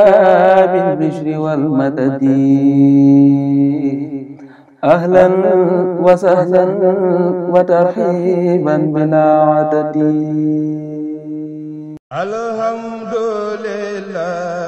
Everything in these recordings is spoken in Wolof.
بالبشر والمدد أهلا وسهلا وترحيبا بلا عدد الحمد لله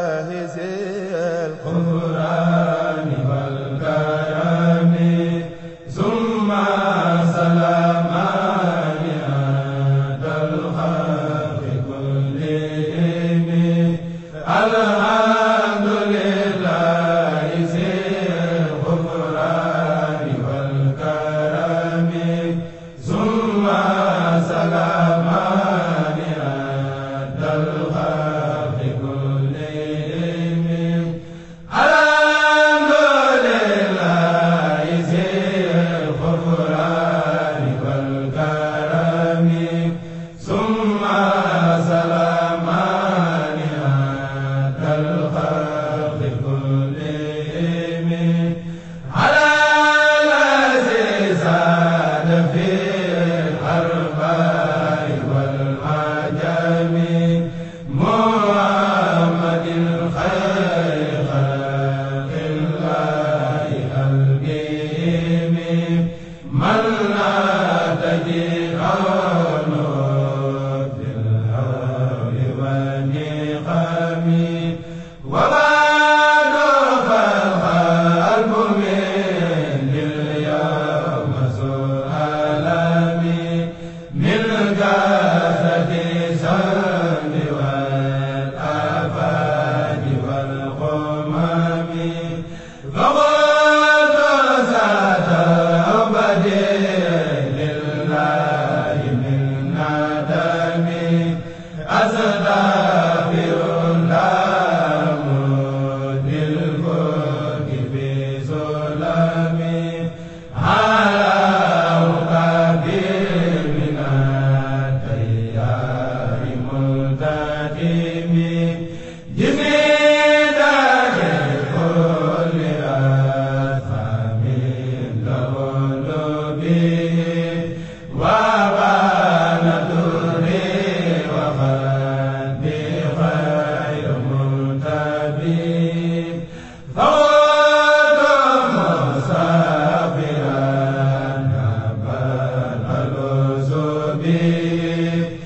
bi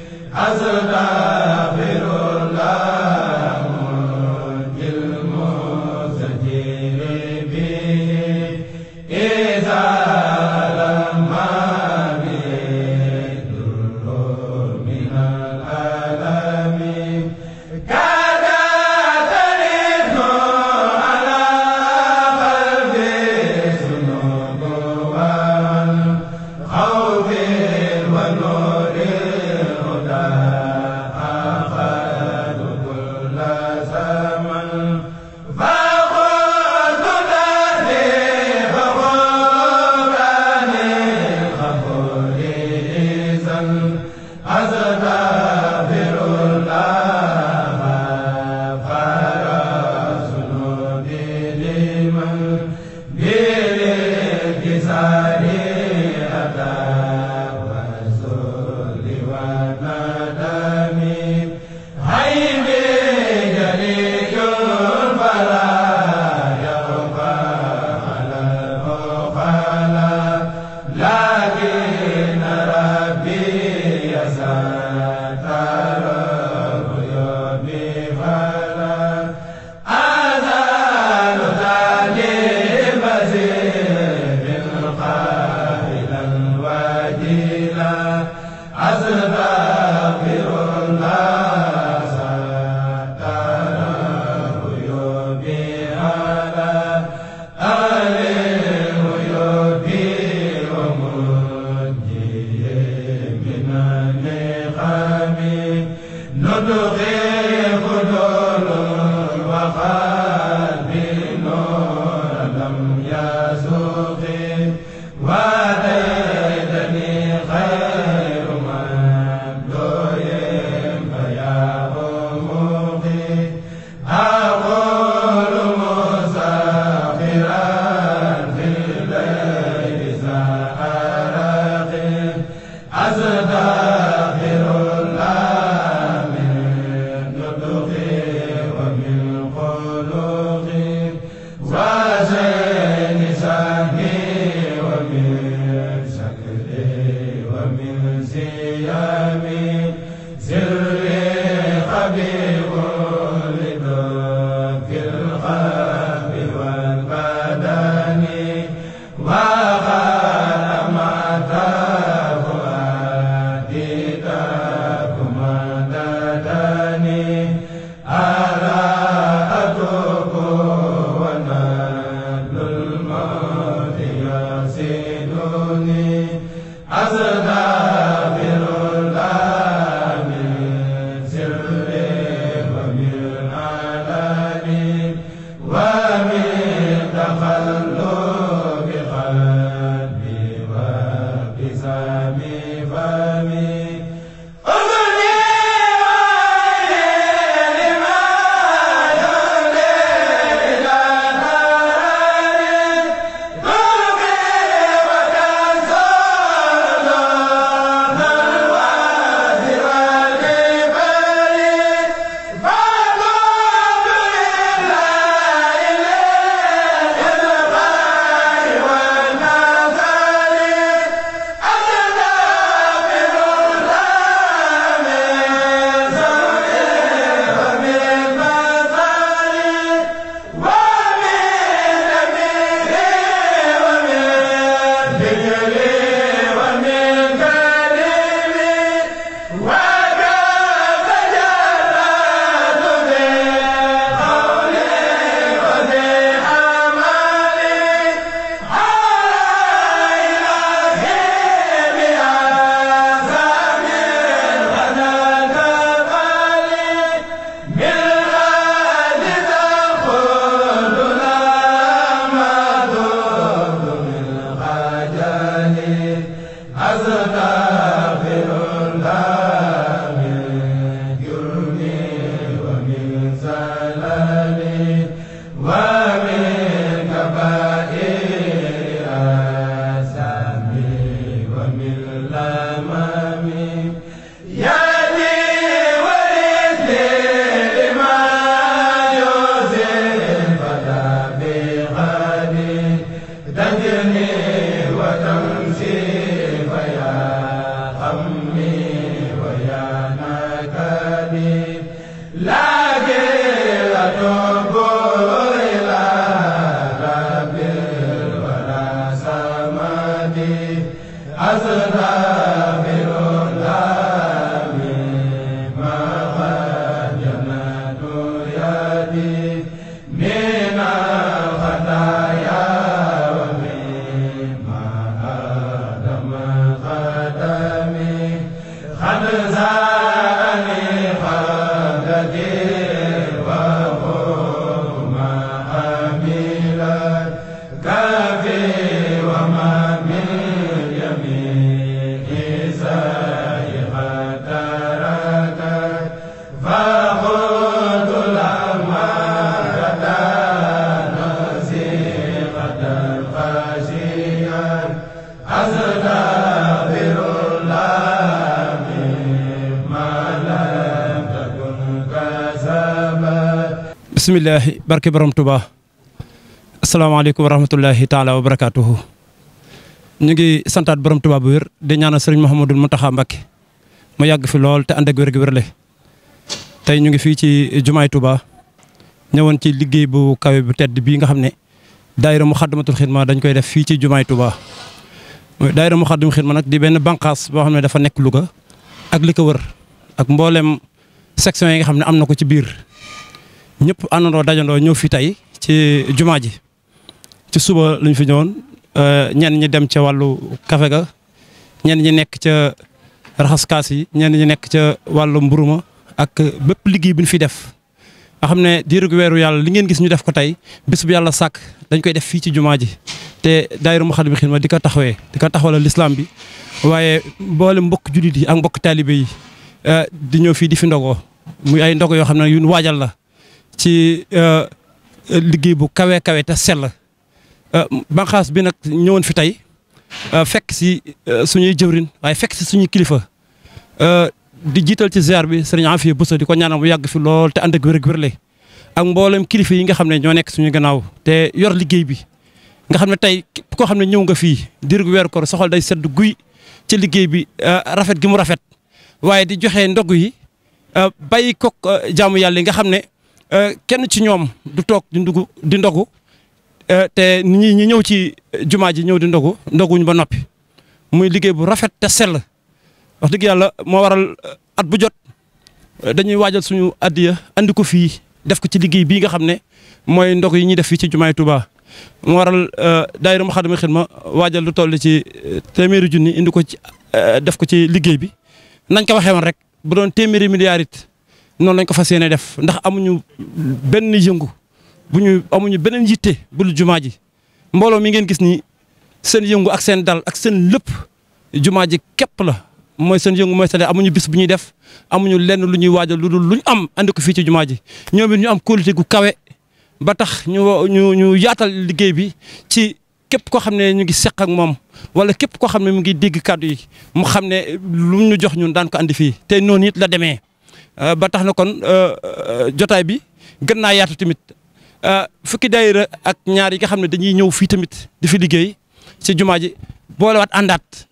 azra من honoré amiin barke borom tubaa asalaamaaleykum wa rahmatullahi taala wa barakaatuhu ñu ngi santaat borom Touba bu wér di ñaanal sëriñ Mouhamadul Mountakha Mbacké mu yàgg fi lool te ànd ak wér gi wér le tey ñu ngi fii ci jumaay tubaa ñëwoon ci liggéey bu kawe bu tedd bii nga xam ne daayira Muxaddamatul Xidma dañ koy def fii ci jumaay Touba daayira Muxaddamatul ma nag di benn banqaas boo xam ne dafa nekk Louga ak li ko wër ak mboolem section yi nga xam ne am na ko ci biir ñëpp àndandoo dajandoo ñëw fi tey ci jumaa ji ci suba lañ fi ñëwoon euh, ñenn ñi dem ca wàllu kafe ga ñenn ñi nekk ca raxas kaas yi ñenn ñi nekk ca wàllu mburuma ak bépp liggéey bi ñu fi def. nga xam ne diiru weeru yàlla li ngeen gis ñu def ko tey bés bu yàlla sàkk dañ koy def fii ci jumaa ji te daayira Moukhaddamatoul ma di ko taxawee di ko taxawalal lislaam bi waaye mboolem mbokk jullit yi ak mbokk taalibe yi euh, di ñëw fii di fi ndogoo muy ay ndogo yoo xam ne yu waajal la. ci euh, euh, liggéey bu kawe kawe te sell euh, banqaas bi nag ñëwoon fi tey fekk si suñuy jëwrin waaye fekk si suñuy kilifa di jiital ci ziar bi sëriñ Afia Bousso di ko ñaanal bu yàgg fi lool te ànd ak wér-wérle ak mboolem kilifa yi nga xam ne ñoo nekk suñuy gannaaw te yor liggéey bi nga xam ne tey koo xam ne ñëw nga fii diir weer weeru soxol day sedd guy ci liggéey bi rafet gi mu rafet waaye di joxe ndog yi bàyyi koog jaamu yàlla yi nga xam ne Euh, kenn ci ñoom du toog di ndugg di ndogu euh, te ñi ñi ñëw ci euh, jumaa ji ñëw di ndogu ñu ba noppi muy liggéey bu rafet te sell wax dëgg yàlla moo waral at bu jot dañuy waajal suñu addiya andi ko fii def ko ci liggéey bii nga xam ne mooy ndog yi ñuy def fii ci jumaay Touba moo waral daayira mu xadama xidma waajal lu toll ci téeméeri junni indi ko ci def ko ci liggéey bi nañ ko waxee woon rek bu doon téeméeri milliards noonu lañ ko fa yéene def ndax amuñu benn yëngu bu ñu amuñu beneen yitte bul jumaa ji mbooloo mi ngeen gis ni seen yëngu ak seen dal ak seen lépp jumaa ji képp la mooy seen yëngu mooy seen amuñu bis bu ñuy def amuñu lenn lu ñuy waajal lu dul lu ñu am andi ko fii ci jumaa ji ñoom ñu am qualité gu kawe ba tax ñu ñu ñu yaatal liggéey bi ci képp koo xam ne ñu ngi seq ak moom wala képp koo xam ne mu ngi dégg kàddu yi mu xam ne lu ñu jox ñun daan ko andi fii te noonu it la demee. Euh, ba tax na kon euh, euh, jotaay bi gën naa yaatu tamit fukki daayira ak ñaar yi nga xam ne dañuy ñëw fii tamit di fi liggéey si jumaa ji boolewaat àndaat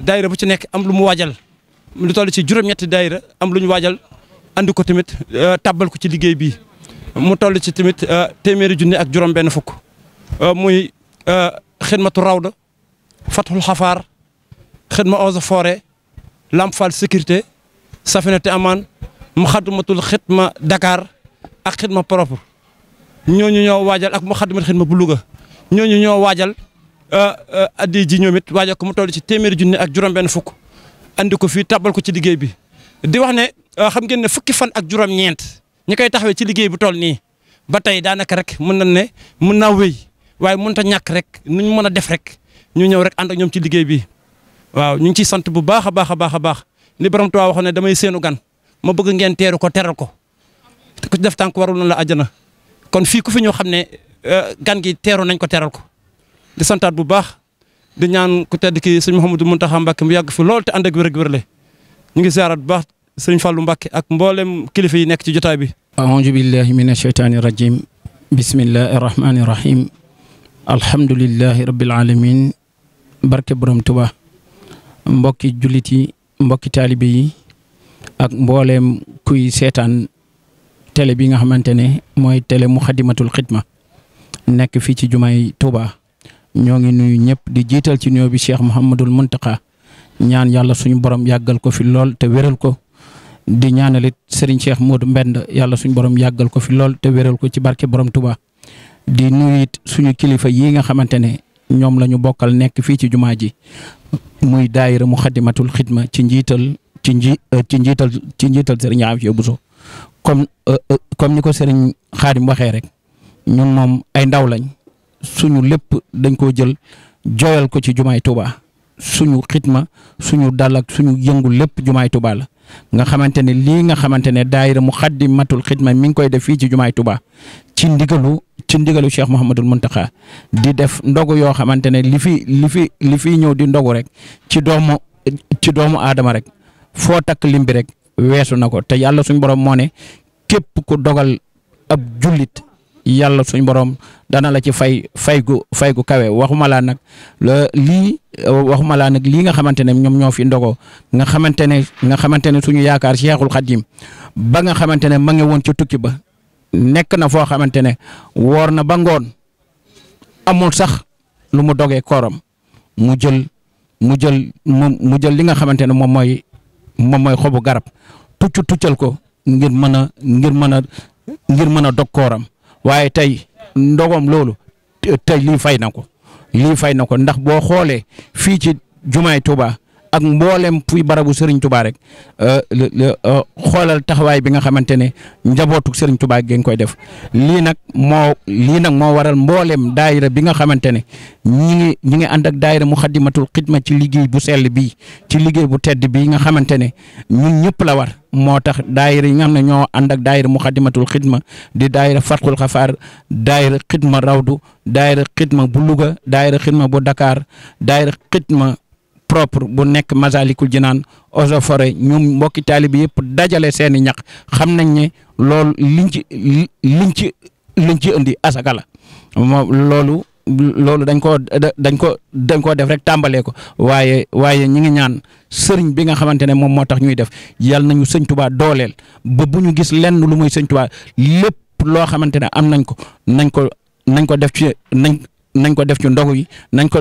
daayira bu ci nekk am lu mu waajal lu toll ci juróom-ñetti daayira am lu ñu waajal andi ko tamit tàbbal ko ci liggéey bi mu toll ci tamit téeméeri junni ak juróom-benn fukk muy xidmatu rawda fathul xafaar xidma eaux et Lamp Fall sécurité Safinati amaan matul Moukhaddamatoul Khidma Dakar ak Khidma propre ñooñu ñoo waajal ak Moukhaddamatoul Khidma bu Louga ñooñu ñoo waajal euh, euh, addi ji ñoom it waajal ko mu toll ci téeméeri junne ak juróom-benn fukk andi ko fii tàbbal ko ci liggéey bi. di wax ne euh, xam ngeen ne fukki fan ak juróom-ñeent ñi koy taxawee ci liggéey bi toll nii ba tey daanaka rek mën nañ ne mën naa wéy waaye mun a ñàkk rek nu ñu mën a def rek ñu ñëw rek ànd ak ñoom ci liggéey bi waaw ñu ngi ciy sant bu baax a baax baax a baax li borom ne damay seenu gan moo bëgg ngeen teeru ko teral ko ku def tànk warul na la àjjana kon fii ku ñoo xam ne euh, gan gi teeru nañ ko teral ko di santaat bu baax di ñaan ku tedd ki sëñ Mouhamadou Mountakha Mbacké mu yàgg fi lool te ànd ak wér wér le ñu ngi ziaraat bu baax sëñ fallu Mbacké ak mboolem kilifa yi nekk ci jotaay bi a'uudu billahi minash shaytaani rajim bismillahi rahmaani rahim alhamdulillahi rabbil alamin barke borom Tuba mbokki jullit yi mbokki taalibe ak mbooleem kuy seetaan télé bi nga xamante ne mooy télé Muxaddamatul Xidma nekk fii ci jumaay Touba ñoo ngi nuyu ñëpp di jiital ci nuyoo bi Cheikh Mouhamadul Muntaqa ñaan yàlla suñu borom yàggal ko fi lool te wéral ko di ñaanalit Serigne Cheikh Modou Mbend yàlla suñu borom yàggal ko fi lool te wéral ko ci barke borom Touba di nuyu suñu kilifa yi nga xamante ne ñoom la ñu bokkal nekk fii ci jumaa ji muy daayira Muxaddamatul Xidma ci njiital ci nji euh, ci njiital ci njiital Serigne Afia Bousso comme euh, euh, comme ni ko Serigne Khadim waxee rek ñun moom ay ndaw lañ suñu lépp dañ ko jël jooyal ko ci jumaay Touba suñu xitma suñu dal ak suñu yëngu lépp jumaay Touba la nga xamante ne lii nga xamante ne daayira mu xaddimatul xidma mi ngi koy def fii ci jumaay Touba ci ndigalu ci ndigalu Cheikh Mouhamadul Mountakha di def ndogu yoo xamante ne li fi li fi ñëw di ndogu rek ci doomu ci rek foo takk lim bi rek weesu na ko te yàlla suñ borom moo ne képp ku dogal ab jullit yàlla suñ borom dana la ci fay fay gu fay gu kawe waxuma laa nag lii waxuma laa nag lii nga xamante ne ñoom ñoo fi ndogoo nga xamante ne nga xamante ne suñu yaakaar Cheikhul Khadim ba nga xamante ne ma ngi woon ca tukki ba nekk na foo xamante ne woor na ba ngoon amul sax lu mu dogee kooram mu jël mu jël mu jël li nga xamante ne moom mooy moom mooy xobu garab tucc tuccal ko ngir mën a ngir mën a ngir mën a dog waaye tey ndogom loolu tey lii fay na ko lii fay na ko ndax boo xoolee fii ci jumaay Tuubaa ak mboolem fuy barabu Serigne Touba rek euh, euh, xoolal taxawaay bi nga xamante ne njabootu Serigne Touba gi nga koy def lii nag moo lii nag moo waral mboolem daayira bi nga xamante ne ñi ngi ànd ak daayira Muxaddamatul Xidma ci liggéey bu sell bii ci liggéey bu tedd bii nga xamante ne ñun la war. moo tax daayira yi nga xam ñoo ànd ak daayira muxaddamatul xidma di daayira fatxul xafaar daayira xidma rawdu daayira xidma bu Louga daayira xidma bu Dakar daayira xidma propre bu nekk Masalikul Jinaan eaux et forêts ñoom mbokki taalibe yëpp dajale seeni ñax xam nañ ne loolu liñ ci liñ ci liñ ci indi asaka la loolu dañ ko dañ ko dañ koo def rek tàmbalee ko waaye waaye ñi ngi ñaan sëriñ bi nga xamante ne moom moo tax ñuy def yàlla nañu sëñ Tuubaa dooleel ba bu ñu gis lenn lu muy sëñ Tuubaa lépp loo xamante ne am nañ ko nañ ko nañ ko def ci nañ nañ ko def ci ndogu nañ ko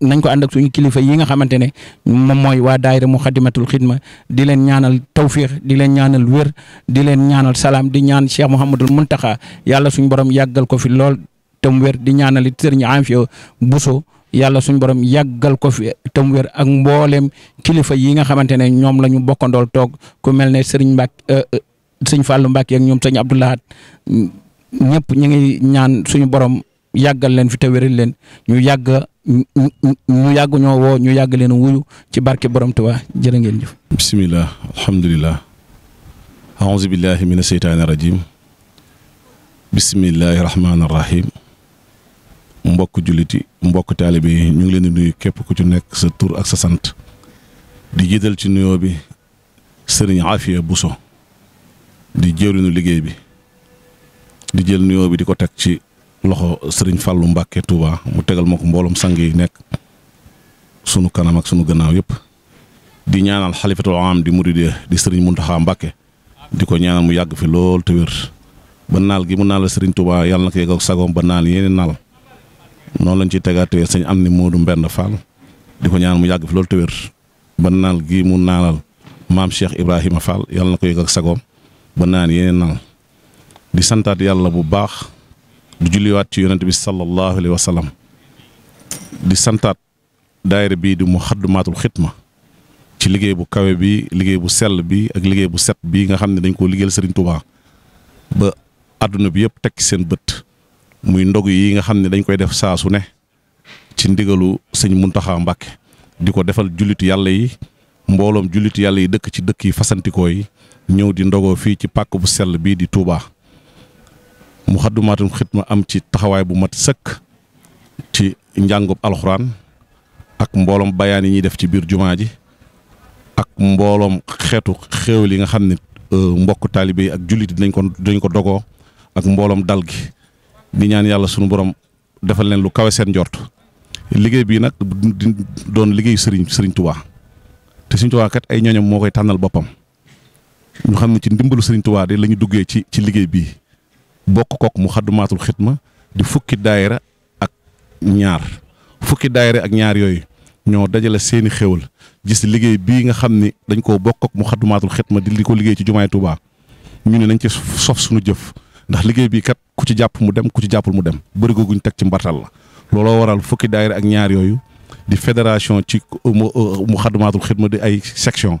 nañ ko ànd ak suñu kilifa yi nga xamante ne moom mooy waa daayira Muxaddamatul Xidma di leen ñaanal tawfiix di leen ñaanal wér di leen ñaanal salaam di ñaan Cheikh Mouhamadul Muntaxa yàlla suñu borom yàggal ko fi lool tam wér di ñaanalit sëriñ Afia Buso yàlla suñu borom yàggal ko fi tam wér ak mbooleem kilifa yi nga xamante ne ñoom la ñu bokkandool toog ku mel ne sëriñ Mbàkke sëñ Fàllu Mbàkke ak ñoom sëñ Abdoulahat ñëpp ñu ñaan suñu borom yàggal leen fi te leen ñu yàgg ñu woo ñu yàgg leen wuyu ci barke borom Tuubaa jërë ngeen jëf bismillah alhamdulillah aouzu billahi min asheytaani rajim bismillahi rahmaani rahim mbokk julliti mbokk taalibe ñu ngi leen di nuyu képp ku ci nekk sa tur ak sa sant di jiital ci nuyoo bi sëriñ Afia Bousso di jëwriñu liggéey bi di jël nuyoo bi di ko teg ci loxo sëriñ Fallou Mbacke Touba mu tegal ma ko mbooloom sang yi nekk sunu kanam ak sunu gannaaw yëpp di ñaanal xalifatul am di mu di sëriñ Muntaxa Mbacke di ko ñaanal mu yàgg fi lool te ba naal gi mu naal la sëriñ Touba yàlla na ko yegg ak sagoom ba noonu lañ ciy tegaatee sëñ am ni Modou Mbend Fall di ko ñaanal mu yàgg fi loolu te wér ba naal gi mu naalal maam Cheikh Ibrahima Fall yàlla na ko yegg ak sagoom ba naal yeneen naal di santaat yàlla bu baax. julliwaat ci yonent bi sallallahu alayhi wa sallam di santaat daayira bii di Muxaddamaatul Xidma ci liggéey bu kawe bi liggéey bu sell bi ak liggéey bu set bi nga xam ne dañ koo liggéeyal Serigne Touba ba àdduna bi yëpp ci seen bët muy ndog yi nga xam ne dañ koy def saasu ne ci ndigalu sëñ Muntaxa Mbàkke di ko defal jullitu yàlla yi mbooloom jullitu yàlla yi dëkk ci dëkk yi fasantikoo yi ñëw di ndogoo fii ci pàkk bu sell bii di Touba. Muxaddamaatul ma am ci taxawaay bu mat sëkk ci njàngu alxuraan ak mbooloom bayaan yi ñuy def ci biir jumaa ji ak mbooloom xeetu xéewal yi nga xam ne euh, mbokk taalibe yi ak jullit dinañ ko dinañ ko dogoo ak mbooloom dal gi di ñaan yàlla sunu borom defal leen lu kawe seen njort liggéey bii nag doon liggéeyu sëriñ sëriñ tuwaa te sëriñ Tuubaa kat ay ñooñam moo koy tànnal boppam ñu xam ne ci ndimbalu sëriñ Tuubaa de la ñu duggee ci ci liggéey bii bokk kook mu xaddumaatul xidma di fukki daayira ak ñaar fukki daayira ak ñaar yooyu ñoo dajale seeni xewal gis liggéey bii nga xam ni dañ koo bokk ak mu xaddumaatul xidma di li ko liggéey ci jumaay Tuubaa ñu ne nañ ci sof suñu jëf ndax liggéey bi kat ku ci jàpp mu dem ku ci jàppul mu dem bëri googu ñu teg ci mbartal la looloo waral fukki daayira ak ñaar yooyu di fédération ci euh, mu euh, xaddumaatul xidma di ay section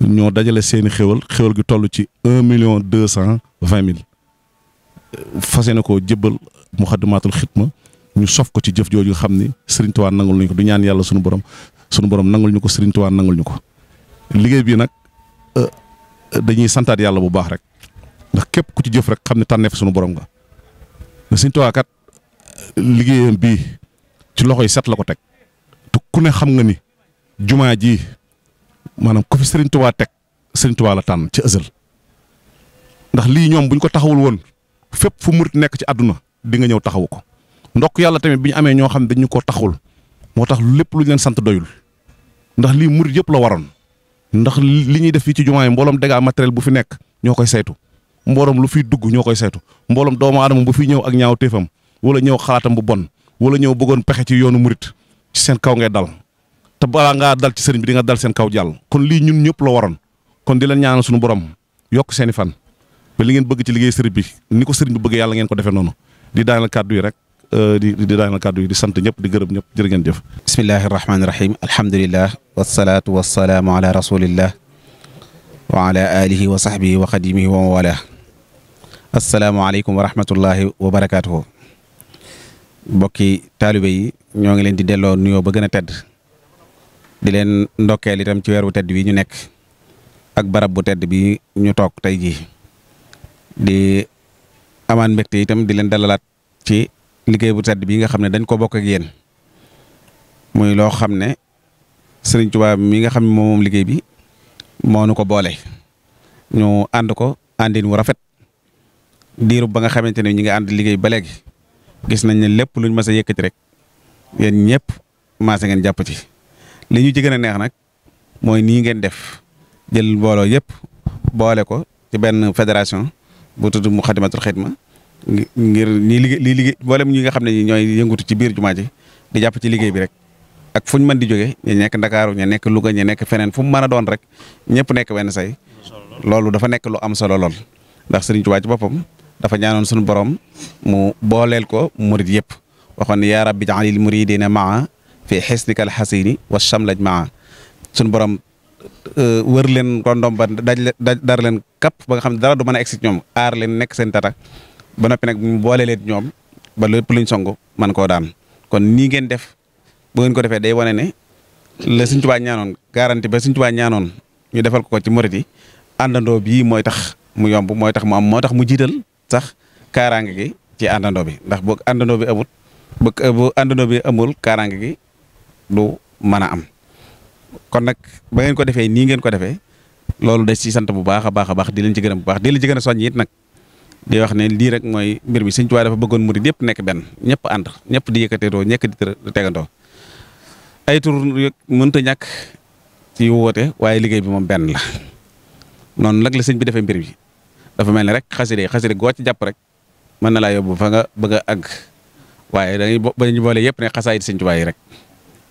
ñoo dajale seeni xewal xewal gi toll ci un million deux cent vingt mille fase na koo jëbbal muxaddamaatul xitma ñu sof ko ci jëf jooju nga xam ni Serigne Touba nangul ñu ko du ñaan yàlla sunu borom sunu borom nangul ñu ko Serigne Touba nangul ñu ko liggéey bi nag euh, dañuy santaat yàlla bu baax rek ndax képp ku ci jëf rek xam ne tànneef sunu borom nga Serigne Touba kat liggéeyam bi ci loxo yi set la ko teg te ku ne xam nga ni jumaa ji maanaam ku fi Serigne Touba teg Serigne Touba la tànn ci ësël ndax lii ñoom buñ ko taxawul woon. fépp fu murit nekk ci àdduna di nga ñëw taxawu ko ndokk yàlla tamit bi ñu amee ñoo xam ne ñu ko taxawul moo tax lépp lu ñu leen sant doyul ndax lii murit yëpp la waroon ndax li ñuy def fii ci jumaa yi mbooloom dégâts matériel bu fi nekk ñoo koy saytu mbooloom lu fiy dugg ñoo koy saytu mbooloom doomu aadama bu fi ñëw ak ñaaw téefam wala ñëw xalaatam bu bon wala ñëw bëggoon pexe ci yoonu murit seen kaw ngee dal te balaa ngaa dal ci sëriñ bi di dal seen kaw jàll kon lii ñun ñëpp la waroon kon di leen ñaanal suñu borom yokk seeni fan ba li ngeen bëgg ci liggéey sëriñ bi ni ko sëriñ bi bëgg yàlla ngeen ko defee noonu di daanal kàddu yi rek euh, di di daanal kàddu yi di sant ñëpp di gërëm ñëpp jërë ngeen jëf bismillahi rahmaani rahim alhamdulilah wasalaatu wasalaamu ala rasulillah wa ala alihi wa sahbihi wa xadimihi wa mawala asalaamaaleykum wa rahmatullahi wa barakaatuhu mbokki taalibe yi ñoo ngi leen di delloo nuyoo ba gën a tedd di leen ndokkeel itam ci weer wu tedd bi ñu nekk ak barab bu tedd bi ñu toog tey jii di amaan mbégte itam di leen dalalaat ci liggéey bu tedd bi nga xam ne dañ ko bokk ak yéen muy loo xam ne Sëriñ Tuubaa mi nga xam ne moom liggéey bi moo nu ko boole ñu ànd ko àndin wu rafet diiru ba nga xamante ne ñu ngi ànd liggéey ba léegi gis nañ ne lépp luñ mës a yëkkati rek yéen ñëpp maase ngeen jàpp ci li ñu ci gën a neex nag mooy nii ngeen def jël mbooloo yëpp boole ko ci benn fédération bu tudd mu xadimatul ma ngir ñi liggéey li liggéey mboolem ñi nga xam ne ñooy yëngutu ci biir jumaa ji di jàpp ci liggéey bi rek ak fuñ mën di jógee ñu nekk Ndakaaru ñu nekk Louga ñu nekk feneen fu mu mën doon rek ñëpp nekk wenn say loolu dafa nekk lu am solo lool ndax Sëriñ Tuubaa ci boppam dafa ñaanoon suñu borom mu booleel ko murid yëpp waxoon ne yaa rabbi jaalil muridina maa fi xisnika alxasini wa shamlaj maa suñu borom Euh, wër leen rondom ba daj dar leen kapp ba nga xam ne dara du mën a egsi ñoom aar leen nekk seen tata ba noppi nag mu boole leet ñoom ba lépp luñ song man koo daan kon nii ngeen def bu ngeen ko defee day wane ne la Sëñ Tuubaa ñaanoon garanti ba Sëñ Tuubaa ñaanoon ñu defal ko ci murit yi àndandoo bii mooy tax mu yomb mooy tax mu am moo tax mu jiital sax kaaraange gi ci àndandoo bi ndax bu àndandoo bi amul bu àndandoo bi amul kaaraange gi du mën a am. kon nag ba ngeen ko defee nii ngeen ko defee loolu des ci sant bu baax a baax a baax di leen ci gërëm bu baax di leen ci gën a soññ it nag di wax ne lii rek mooy mbir mi Sëñ Tuubaa dafa bëggoon murid yëpp nekk benn ñëpp ànd ñëpp di yëkkateetoo ñekk di tegandoo ay tur mënta ñàkk ci woote waaye liggéey bi moom benn la noonu nag la sëñ bi defee mbir bi dafa mel ne rek xaside xaside goo ci jàpp rek mën na laa yóbbu fa nga bëgg a àgg waaye dañuy ba ñu boole yëpp ne xasaayit Sëñ Tuubaa yi rek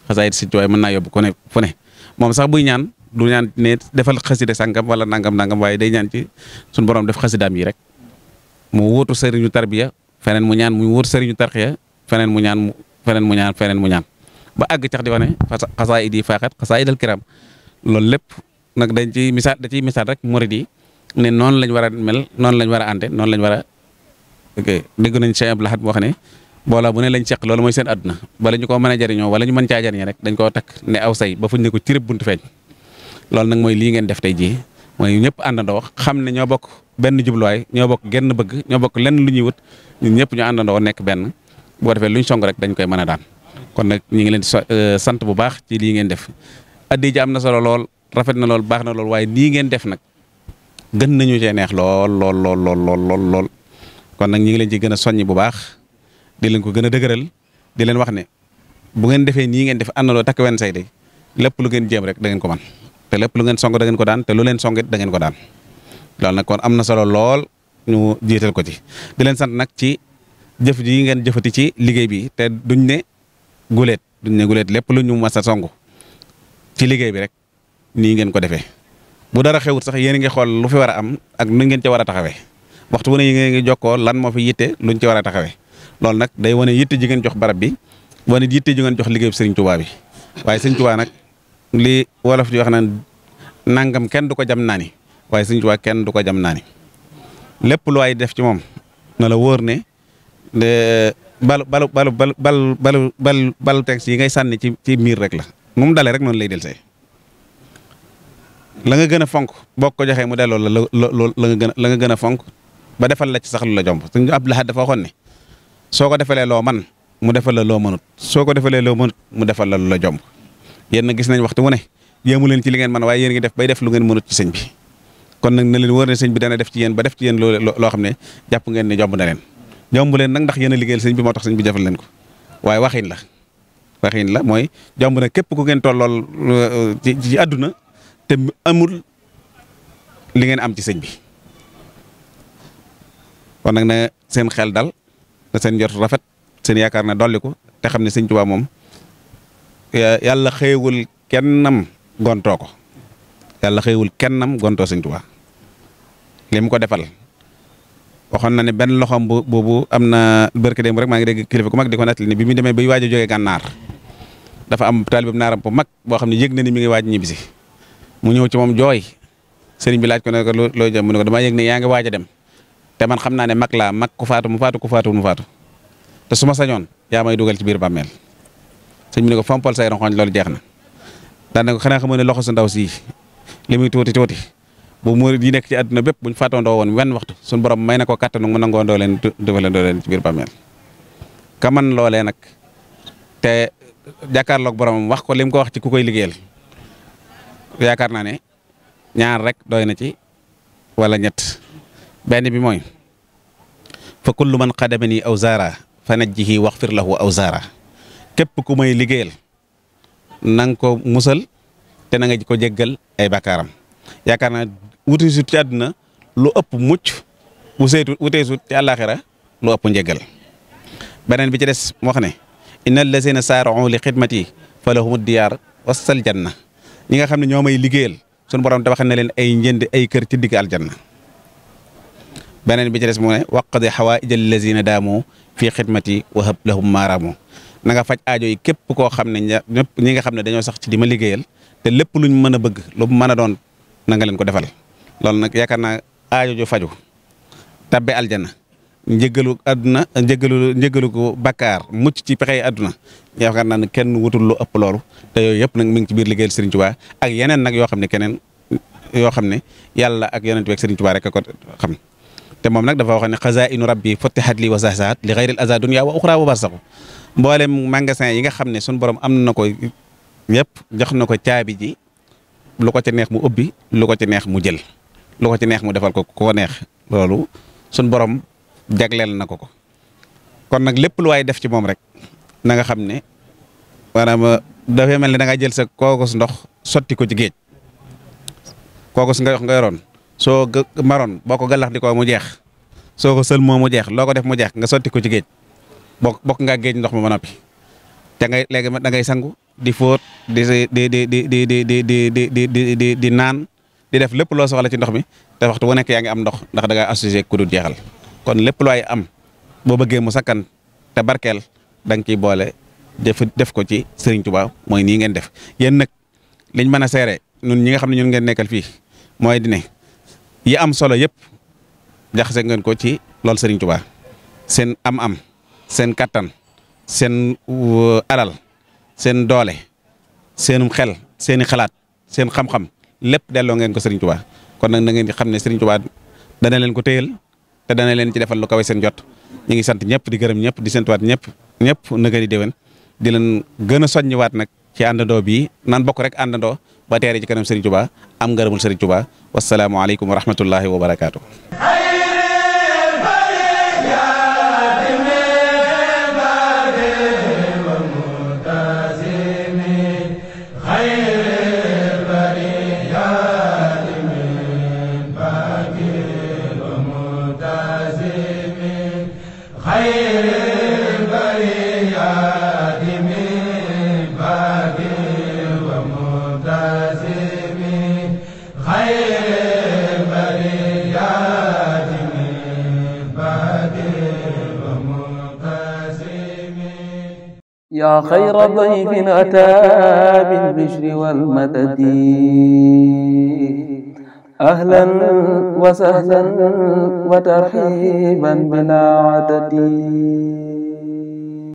xasaayit Sëñ Tuubaa mën naa yóbbu ku ne fu moom sax buy ñaan du ñaan ne defal xasida sangam wala nangam nangam waaye day ñaan ci suñ borom def xasidaam yi rek mu wóotu sëriñu tarbiya feneen mu ñaan mu wóotu sëriñu tarxiya feneen mu ñaan mu feneen mu ñaan mu ñaan ba àgg cax di wax ne xasaayid yi faaxat xasaayidal kiram lool lépp nag dañ ci misaal da ciy misaal rek murid yi ne noonu lañ war a mel noonu lañ war a ànde noonu lañ war a ok dégg nañ Cheikh Abdou Lahad wax ne boolaa bu ne lañ seq loolu mooy seen àdduna bala ñu ko mën a jariñoo wala ñu mën caa jariñoo rek dañ koo takk ne aw say ba fuñ ne ko cirib buntu feeñ loolu nag mooy lii ngeen def tey jii mooy ñëpp àndandoo xam ne ñoo bokk benn jubluwaay ñoo bokk genn bëgg ñoo bokk lenn lu ñuy wut ñëpp ñu àndandoo nekk benn boo defee lu ñu rek dañ koy mën a daan kon nag ñu ngi leen di euh, sant bu baax ci lii ngeen def addi ji na solo lool rafet na lool baax na lool waaye nii ngeen def nag gën nañu cee neex lool lool lool lool lool lool kon nag ñu ngi leen ci gën a soññ bu baax di leen ko gën a dëgëral di leen wax ne bu ngeen defee nii ngeen def àndandoo takk wenn say day lépp lu ngeen jéem rek dangeen ko man te lépp lu ngeen song da ngeen ko daan te lu leen songit da ngeen ko daan loolu nag kon am na solo lool ñu jiital ko ci di leen sant nag ci jëf ji ngeen jëfati ci liggéey bi te duñ ne guleet duñ ne guleet lépp lu ñu mas a song ci liggéey bi rek nii ngeen ko defee bu dara xewut sax yéen a ngi xool lu fi war am ak nu ngeen ci war a taxawee waxtu wu ne yi ngeen ngi jokkoo lan moo fi yitte luñ ci war a taxawee loolu nag day wane yitte ji jox barab bi wane yitte ji ngeen jox liggéeyu sëriñ Tuubaa bi waaye sëriñ Tuubaa nag li wolof di wax naan nangam kenn du ko jam naa ni waaye sëriñ kenn du ko jam naa ni lépp lu waay def ci moom na la wóor ne balu balu balu balu balu balu balu texte yi ngay sànni ci ci miir rek la moom mu rek noonu lay delsee la nga gën a fonk boo ko joxee mu delloo la la la nga gën la nga gën a fonk ba defal la ci sax lu la jomb suñu Abdou Lahad dafa waxoon ne soo ko defalee loo man mu defal la loo mënut soo ko defalee loo mënut mu defal la lu la jomb yéen gis nañ waxtu wu ne yéemu leen ci li ngeen man waaye yéen ngi def bay def lu ngeen mënut ci sëñ bi kon nag na leen wóor ne sëñ bi dana def ci yéen ba def ci yéen loo xam ne jàpp ngeen ne jomb na leen leen nag ndax yéen a liggéeyal sëñ bi moo tax sëñ bi jafal ko waaye waxin la la mooy jomb képp ku ngeen euh, ci ci àdduna li ngeen am ci sëñ bi kon nag na seen xel dal na seen njort rafet seen yaakaar na dolli ko te xam ne sëñ Tuubaa moom yàlla xëyewul kennam gontoo ko yàlla xëyewul kennam gontoo sëñ Tuubaa li mu ko defal waxoon na ne benn loxoom bu boobu am na barke démb rek maa ngi dégg kilifa ku mag di ko nettali ni bi muy demee bay waaja a jógee gànnaar dafa am taalibam naaram bu mag boo xam ne yëg na ni mi ngi waaj ñibbisi mu ñëw ci moom jooy sëriñ bi laaj ko ne ko loo jëm mu ko damaa yëg ne yaa ngi waaj a dem te man xam naa ne mag laa mag ku faatu mu faatu ku faatu mu faatu te su ma sañoon yaa may dugal ci biir bàmmeel sëñ bi ko fompal say rongoñ loolu jeex na daanaka xanaa xamoo ne loxo su ndaw si li muy tuuti tuuti bu murid yi nekk ci àdduna bépp buñ fàttandoo woon wenn waxtu suñu borom may na ko kattanu mu nangoo doo leen dugal doo ci biir bàmmeel ka man loolee nag te jàkkaarloog boromam wax ko lim ko wax ci ku koy liggéeyal yaakaar naa ne ñaar rek doy na ci wala ñett. benn bi mooy fa kullu man xadamani aw zaara fa najjihi waxfir lahu aw zaara képp ku may liggéeyal nanga ko musal te na nga ko jéggal ay bakkaaram yaakaar naa wuti sut ci àdduna lu ëpp mucc wu seetu wutee sut ci àllaaxira lu ëpp njéggal beneen bi ci des mu wax ne inna allazina saara'u li xidmati fa lahum diyaar wasal na ñi nga xam ne ñoo may liggéeyal sunu borom tabax na leen ay njënd ay kër ci digg aljanna beneen bi ci des mu ne waqdi xawaaija allazina daamu fii xidmati wa hab lahum maaraamu na faj aajo yi képp koo xam ne ñëpp ñi nga xam ne dañoo sax ci dima ma liggéeyal te lépp luñ mën a bëgg lu mën a doon nanga leen ko defal loolu nag yaakaar naa aajo ju faju tabbe aljana njëgalu àdduna njëgalu njëgalu ko bakkaar mucc ci pexe yi àdduna yaakaar naa ne kenn wutul lu ëpp loolu te yooyu yëpp nag mi ngi ci biir liggéeyal Serigne Touba ak yeneen nag yoo xam ne keneen yoo xam ne yàlla ak yonent bi ak Serigne Touba rek a xam te moom nag dafa wax ne xazainu rabbi futihat li wa sahsahat li xayril aza dunya wa uxra wa barsaxu mboolem magasin yi nga xam ne suñu borom am na ko yëpp jox na ko caabi ji lu ko ci neex mu ubbi lu ko ci neex mu jël lu ko ci neex mu defal ko koo neex loolu suñ borom jagleel na ko ko kon nag lépp lu waay def ci moom rek nanga xam ne maanaam dafay mel ne da nga jël sa kookus ndox sotti ko ci géej kookus nga yox nga yoroon soo maroon boo ko galax di ko mu jeex soo ko sël moo mu jeex loo ko def mu jeex nga sotti ko ci géej bokk bokk ngaa géej ndox mi ba noppi te ngay léegi da ngay sangu di fóot di di di di di di di di di naan di def lépp loo soxla ci ndox mi te waxtu bu nekk yaa ngi am ndox ndax da ngaa associé ku du jeexal kon lépp looy am boo bëggee mu sakkan te barkeel dang nga boole def def ko ci Serigne Touba mooy nii ngeen def yéen nag liñ mën a seere ñun ñi nga xam ne ñun ngeen nekkal fii mooy di ne yi am solo yëpp jaxase ngeen ko ci loolu Serigne Touba seen am-am seen kattan seen euh, alal seen doole seenum xel seeni xalaat seen xam-xam lépp delloo ngeen ko Serigne Touba kon nag na ngeen di xam ne Serigne Touba dana leen ko téyel te dana leen ci defal lu kawe seen jot ñu ngi sant ñëpp di gërëm ñëpp di santuwaat ñëpp ñëpp na ngeen di déwén di leen gën a soññiwaat nag ci àndandoo bii nan bokk rek àndandoo. ba teere ci kanam Serigne Touba am ngërëmul Serigne Touba wasalaamualeykum wa rahmatullahi wa barakaatu. خير ضيف أتى بالبشر والمدد أهلا وسهلا وترحيبا بلا عدد